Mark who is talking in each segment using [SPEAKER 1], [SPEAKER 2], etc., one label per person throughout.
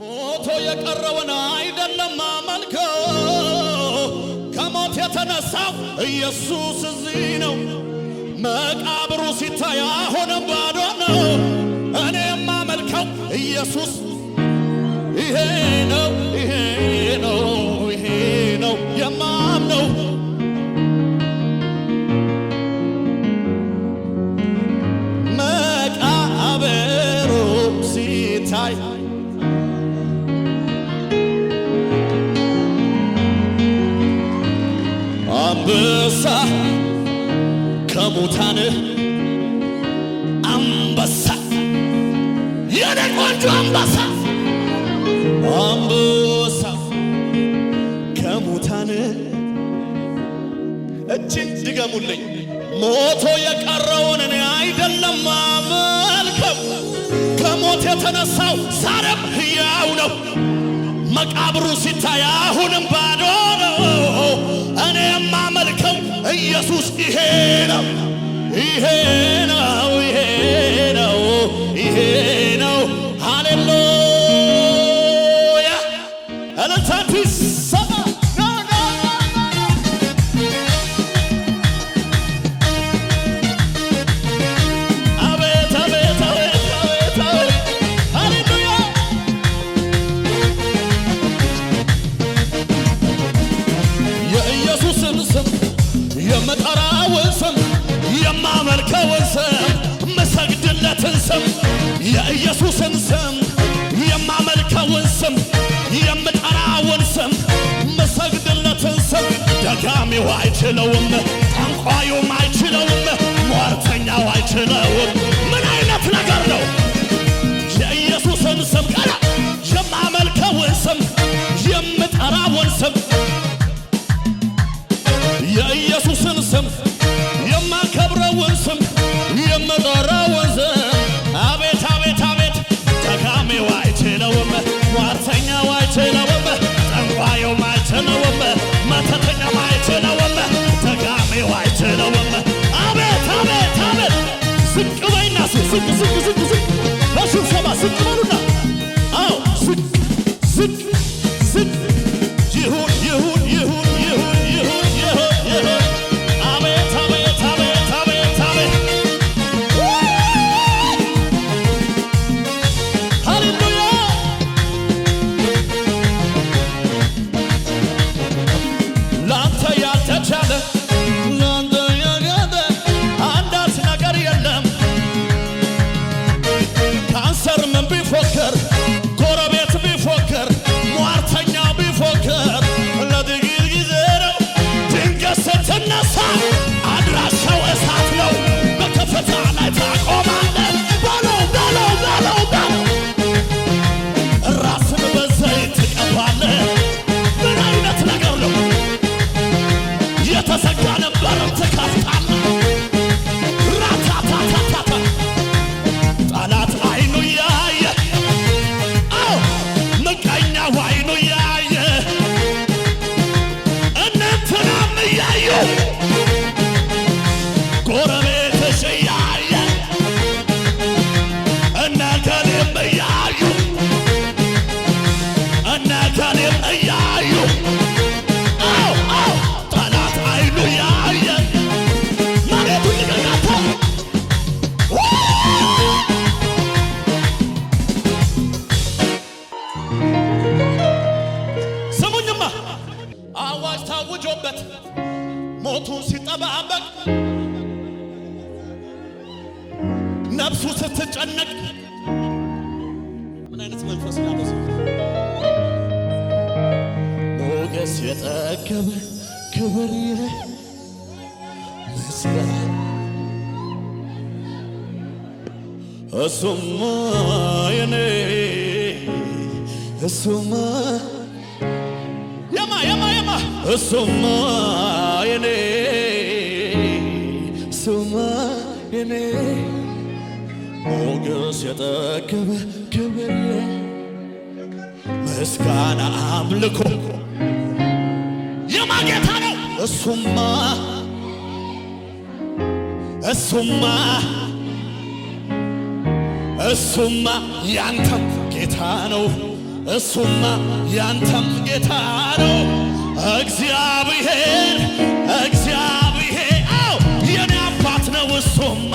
[SPEAKER 1] ሞቶ የቀረውን አይደለም ማመልከው ከሞት የተነሳው ኢየሱስ እዚህ ነው። መቃብሩ ሲታይ አሁንም ባዶ ነው። እኔ የማመልከው ኢየሱስ ይሄ ነው ይሄ አንበሳ ከሙታን አንበሳ የኔ ቆንጆ አንበሳ አንበሳ ከሙታን እጅን ድገሙልኝ ሞቶ የቀረውን እኔ አይደለም ማመልከው ከሞት የተነሳው ዛሬም ሕያው ነው። መቃብሩ ሲታይ አሁንም ባዶ ነው። ኢየሱስ ይሄ ነው ይሄ ስም የኢየሱስን ስም የማመልከውን ስም የምጠራውን ስም የምሰግድለትን ስም ደጋሚው አይችለውም፣ ጠንቋዩም አይችለውም፣ ሟርተኛው አይችለውም። ምን አይነት ነገር ነው? shiki shiki shiki ይነሳል። ክብር ክብር ይመስገን እሱማ የኔ እሱማ የማ የማ የማ እሱማ የኔ እሱማ የኔ ሞገስ የጠገበ ክብር ምስጋና አምልኮ ጌታ ነው። እሱማ እሱማ እሱማ ያንተም ጌታ ነው። እሱማ ያንተም ጌታ ነው። እግዚአብሔር እግዚአብሔር አው የኔ አባት ነው እሱማ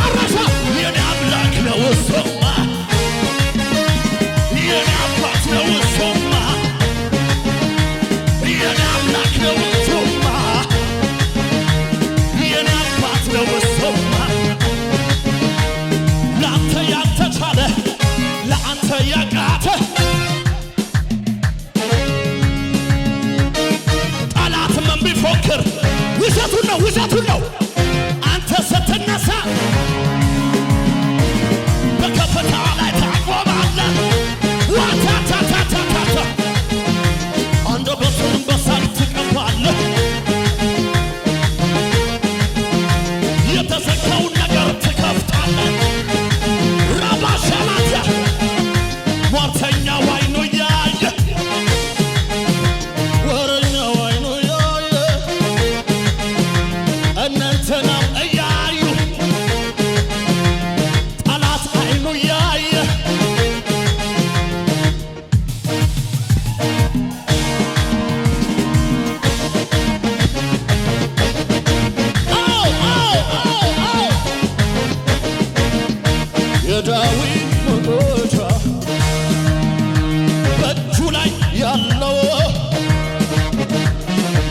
[SPEAKER 1] የጨረሰ የኔ አምላክ ነው እሱ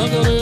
[SPEAKER 1] Look at it.